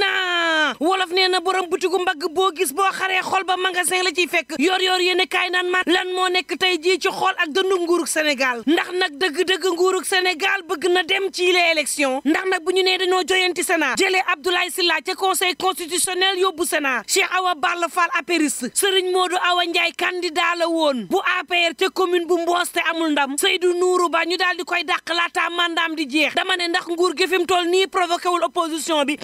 rawatina wolof nee na borom butigu mbagg boo gis boo xaree xol ba magasin la ciy fekk yor yor yéen kaay naan man lan moo nekk tey jii ci xol ak dëndu nguurug Sénégal ndax nag dëgg-dëgg nguurug Sénégal bëgg na dem ci les élections ndax nag bu ñu nee dañoo joyanti Sénat jëlee Abdoulaye Sylla ca conseil constitutionnel yóbbu Sénat Cheikh Awa Balla Fall apériste Serigne Modou Awa Ndiaye candidat la woon bu APR ca commune bu Mboos te amul ndam Seydou Nourou Ba ñu daal di koy dàq laata mandaam di jeex dama ne nguur gi fi mu nii provoqué wul opposition bi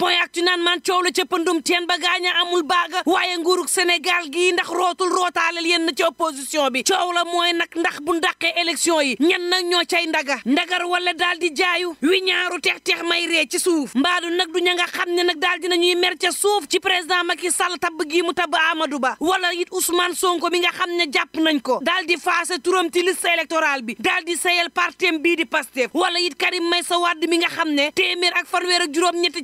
naan man coow la ca pëndum teen ba gaaña amul baaga waaye nguurug Sénégal gii ndax rootul rootaaleel yenn ci opposition bi coow la mooy nag ndax bu ndaqee élection yi ñan nag ñoo cay ndaga ndagar wala daal di jaayu wi ñaaru teex-teex may ree ci suuf mbaadu nag du ña nga xam ne nag daal dinañuy mer ca suuf ci président Macky sal tabb gii mu tabb Amadou Ba wala it Ousmane Sonko mi nga xam ne jàpp nañ ko daal di faase turam ci liste électorale bi daal di sayel partem bii di Pastef wala it Karim Meïssa Wade mi nga xam ne téeméer ak fanweer ak juróom-ñett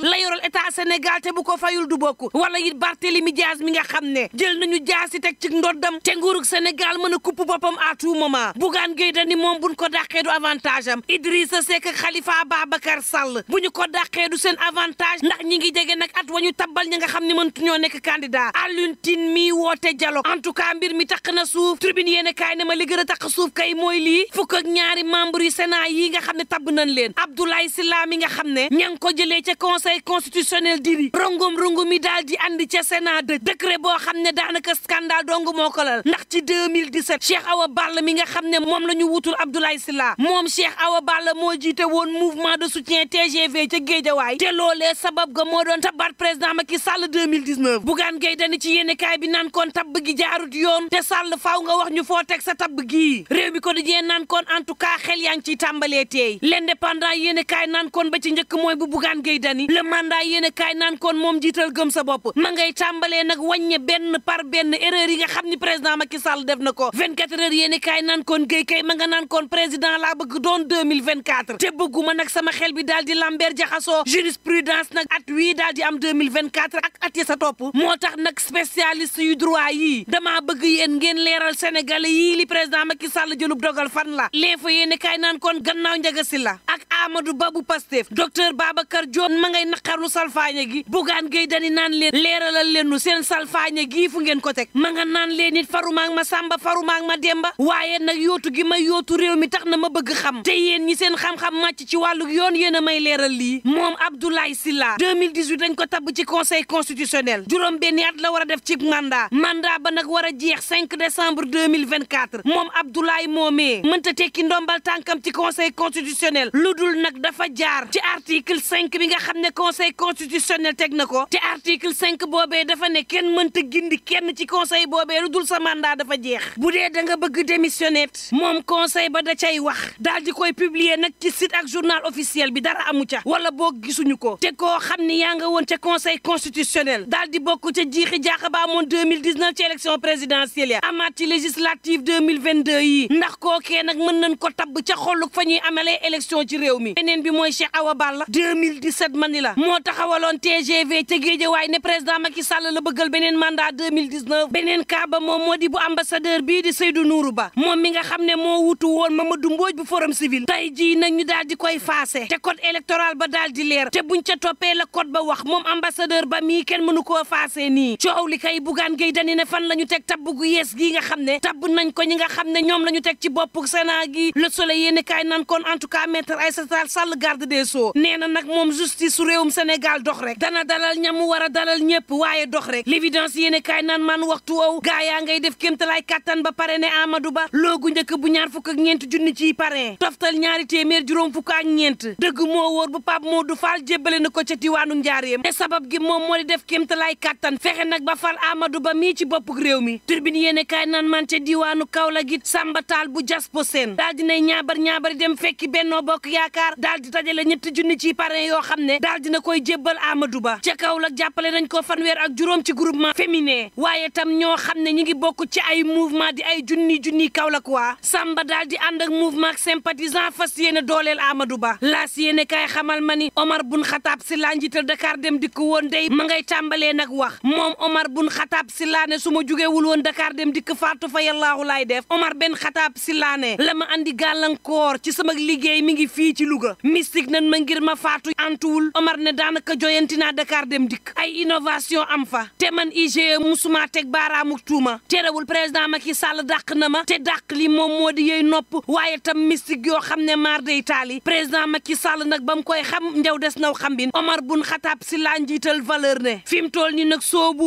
la yoral lebal état Sénégal te bu ko fayul du bokk wala it Barthélemy Dias mi nga xam ne jël nañu jaasi teg ci ndoddam te nguurug Sénégal mën a kupp boppam à tout moment Bougane Gueye Dany moom buñ ko dàqee du avantage am Idrissa Seck Khalifa Babacar Sall bu ñu ko dàqee du seen avantage ndax ñi ngi jege nag at wañu tabbal ñi nga xam ne mëntu ñoo nekk candidat Alioune mi woote dialogue en tout mbir mi taq na suuf tribune yéen kaay ne ma li gën a taq suuf kay mooy lii fukk ñaari membre yu Sénat yi nga xam ne tabb nañ leen Abdoulaye Sylla mi nga xam ne ña ngi ko jëlee ca conseil constitutionnel diri rongum rongum yi daal di andi ca Sénat dëj décret boo xam ne daanaka scandale dong moo ko lal ndax ci 2017 Cheikh Awa ball mi nga xam ne moom la ñu wutul Abdoulaye Sylla moom Cheikh Awa Balla moo jiite woon mouvement de soutien TGV ca Géejawaay te loolee sabab ga moo doon tabaat président Macky Sall 2019 Bougane Gueye Dany ci yéenekaay bi naan koon tabb gi jaarut yoon te Sall faaw nga wax ñu foo teg sa tab gii réew mi ko dijee naan koon en tout cas xel yaa ngi ciy tàmbalee teey l'indépendant yéenekaay naan kon ba ci njëkk mooy bu Bougane Gueye Dany le mandat laay yéene kaay naan kon moom jiital gëm sa bopp ma ngay tàmbalee nag wàññe benn par benn erreur yi nga xam ni président Macky Sall def na ko 24 heures yéene kaay naan kon géy kay ma nga naan kon président laa bëgg doon 2024 te bëgguma nag sama xel bi daal di jaxasoo jurisprudence nag at wii daal di am 2024 ak at sa topp moo tax nag spécialiste yu droit yii damaa bëgg yéen ngeen leeral sénégalais yii li président Macky Sall jëlub dogal fan la léefa yéene kaay naan kon gannaaw njaga si la ak Amadou Babou Pastef docteur Babacar Diop ma ngay naqarlu salfaañe gi bugaan géy dani naan leen leeralal leen nu seen salfaañe gii fu ngeen ko teg ma nga naan leen it farumaag ma sàmba farumaag ma demba waaye nag yootu gi may yootu réew mi tax na ma bëgg xam te yéen ñi seen xam-xam màcc ci wàllu yoon yéen a may leeral lii moom Abdoulaye Sylla 2018 dañ ko tabb ci conseil constitutionnel juróom benni at la war a def ci mandat mandat ba nag war a jeex 5 décembre 2024 moom Abdoulaye moomee mënta tekki ndombal tànkam ci conseil lu dul nag dafa jaar ci article 5 bi nga xam ne conseil constitutionnel teg na ko te article cinq boobee dafa ne kenn mënta gindi kenn ci conseil boobee lu dul sa mandat dafa jeex bu dee da nga bëgg démissionner moom conseil ba da cay wax daal di koy publier nag ci site ak journal officiel bi dara amu ca wala boo gisuñu ko te koo xam ni yaa nga woon ca conseil constitutionnel daal di bokk ca jiixi jaaxa ba amoon 2019 ci élection présidentielle ya amaat ci législative 2022 yi ndax kookee nag mën nañ ko tabb ca xolluk fa ñuy amalee élection ci réew mi beneen bi mooy Cheikh Awa Balla 2017 taxawaloon TGV ca Guédiawaye ne président Macky Sall la bëggal beneen mandat 2019 beneen cas ba moom moo di bu ambassadeur bii di Seydou Nourou Ba moom mi nga xam ne moo wutu woon Mamadou Mbodj bu forum civil tey jii nag ñu daal di koy faase te code électoral ba daal di leer te bu ca toppee la code ba wax moom ambassadeur ba mii kenn mënu koo faase nii coow li kay Bougane Gueye Dany fan la ñu teg tabb gu yees gii nga xam ne tabb nañ ko ñi nga xam ne ñoom la ñu teg ci boppu Sénat nan kon en tout cas maître Aïssata Tall Sall garde des sceaux Sénégal dox rek dana dalal ñamu war a dalal ñëpp waaye dox rek l'évidence yéene kaay naan man waxtu woowu gaa yaa ngay def kéemtalaay kàttan ba pare ne Amadou Ba loogu bu ñaar fukk ak ñeent junni ci parrain toftal ñaari téeméer juróom fukk ak ñeent dëgg moo wóor bu Pape Modou Fall jébbale na ko ca diwaanu Njaareem te sabab gi moom moo di def kéemtalaay kàttan fexe nag ba fal Amadou Ba mii ci boppuk réew mi turbine yéene kaay nan man ca diwaanu Kaolack gi Samba Tall bu jaspo seen daal dinay ñaabar ñaabari dem fekki Benno Bokk Yaakaar daal di dajale ñetti junni ci parrain yoo xam ne daal dina koy koy jébbal Amadou Ba ca Kaolack jàppale nañ ko fanweer ak juróom ci groupement féminin waaye tam ñoo xam ne ñi ngi bokk ci ay mouvement di ay junni junni Kaolack waa Samba daal di ànd ak mouvement sympathisant fas yéene dooleel Amadou Ba laas yéene kaay xamal ma ni Omar bun Xataab si laa njiital Dakar dem dikk woon day ma ngay tàmbalee nag wax moom Omar bun Xataab si laane ne su ma jugewul woon Dakar dem dikk faatu fa yàllaahu laay def Omar benn Xataab si laa la ma andi gàllankoor ci sama liggéey mi ngi fii ci Louga mystique nan daanaka joyanti naa Dakar dem dikk ay innovation am fa te man IGE musuma teg baaraamu tuuma terewul président Macky Sall dàq na ma te dàq li moom moo di yey nopp waaye tam mystique yoo xam ne maar day taali président Macky Sall nag ba mu koy xam njaw des naw xam bin Omar bun Xataab si laa njiital valeur ne fi mu toll ni nag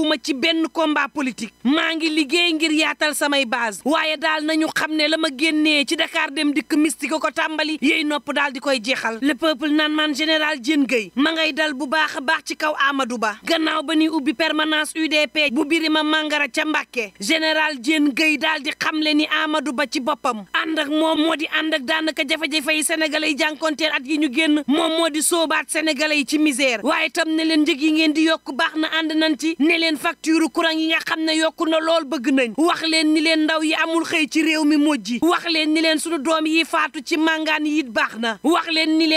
ma ci benn combat politique maa ngi liggéey ngir yaatal samay base waaye daal nañu xam ne la ma génnee ci Dakar dem dikk mystique ko tàmbali yey nopp daal di koy jeexal le naan man général Diène xel bu baax a baax ci kaw Amadou Ba gannaaw ba ñuy ubbi permanence UDP bu Birima Mangara ca Mbàkke général Diène Gueye daal di leen ni Amadou Ba ci boppam ànd ak moom moo di ànd ak daanaka jafe-jafe yi sénégalais yi jànkonteel at yi ñu génn moom moo di soobaat sénégalais yi ci misère waaye tam ne leen njëg yi ngeen di yokk baax na ànd nañ ci ne leen facture courant yi nga xam ne yokku na lool bëgg nañ wax leen ni leen ndaw yi amul xëy ci réew mi mujj wax leen ni leen sunu doom yi faatu ci màngaan yi baax na wax leen ni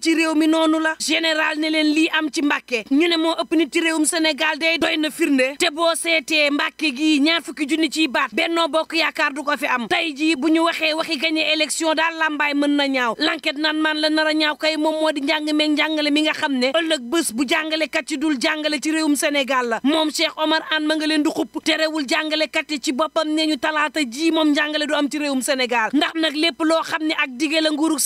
ci réew mi noonu la général général leen lii am ci Mbàkke ñu ne moo ëpp nit ci réewum Sénégal day doy na firnde te boo seetee Mbàkke gi ñaar fukki junni ci baat Benno Bokk Yaakaar du ko fi am tay jii bu ñu waxee waxi gagné élection daal làmbaay mën na ñaaw l'enquête nan man la nar a ñaaw kay moom moo di njàng meeg njàngale mi nga xam ne ëllëg bës bu kat ci dul jàngale ci réewum senegal la moom Cheikh Omar Anne ma nga leen du xupp terewul jàngalekat yi ci boppam ne ñu talaata ji moom njàngale du am ci réewum Sénégal ndax nag lépp loo xam ne ak digee la nguurug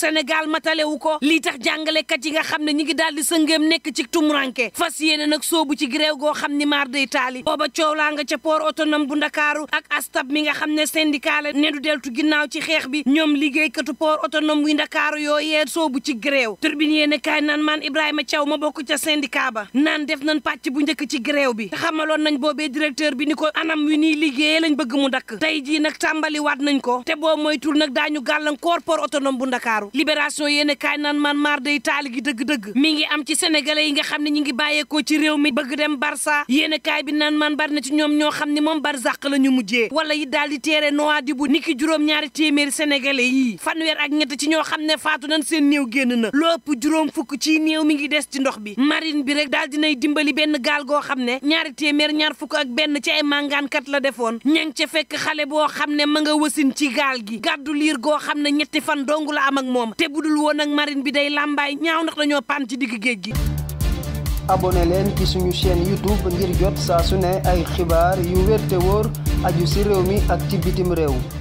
matalewu ko lii tax jàngalekat yi xam ngi daal sëngéem nekk ci tumuranke fas yéene nag soobu ci grève goo xam ni maar day taali booba coow laa nga ca port otonom bu ndakaaru ak astab mi nga xam ne syndicat la ne du deltu ginnaaw ci xeex bi ñoom liggéeykatu port autonome bu ndakaaru yooyee soobu ci grève turbine yéene kaay naan maan Ibrahima Thiaw ma bokk ca syndicat ba naan def nañ pàcc bu njëkk ci grève bi te xamaloon nañ boobee directeur bi ni ko anam wi niy liggéeyee lañ bëgg mu dakk tey jii nag tàmbali waat nañ ko te boo moytul nag daañu gàllankoor port autonome bu ndakaaru libération yéene kaay naan maan maar day taali gi dëgg-dëgg mi ngi am ci sénégalais yi nga xam ne ñu ngi bàyyeekoo ci réew mi bëgg dem barça yéen kaay bi naan man bari na ci ñoom ñoo xam ne moom barzaq la ñu mujjee wala yi daal di teere Nouadhibou niki juróom-ñaari téeméeri sénégalais yi fanweer ak ñett ci ñoo xam ne faatu nañ seen néew génn na lopp juróom fukk ci néew mi ngi des ci ndox bi marine bi rek daal dinay dimbali benn gaal goo xam ne ñaari téeméer ñaar fukk ak benn ci ay màngaankat la defoon ña ngi ca fekk xale boo xam ne ma nga wasin ci gaal gi gàddu liir xam ne ñetti fan dong la am ak moom te budul woon ak marine bi day làmbaay ñaaw ndax dañoo pan ci digg géej leen ci suñu chaîne youtube ngir jot saa su ne ay xibaar yu wér woor aju ci réew mi ak ci bitim réew.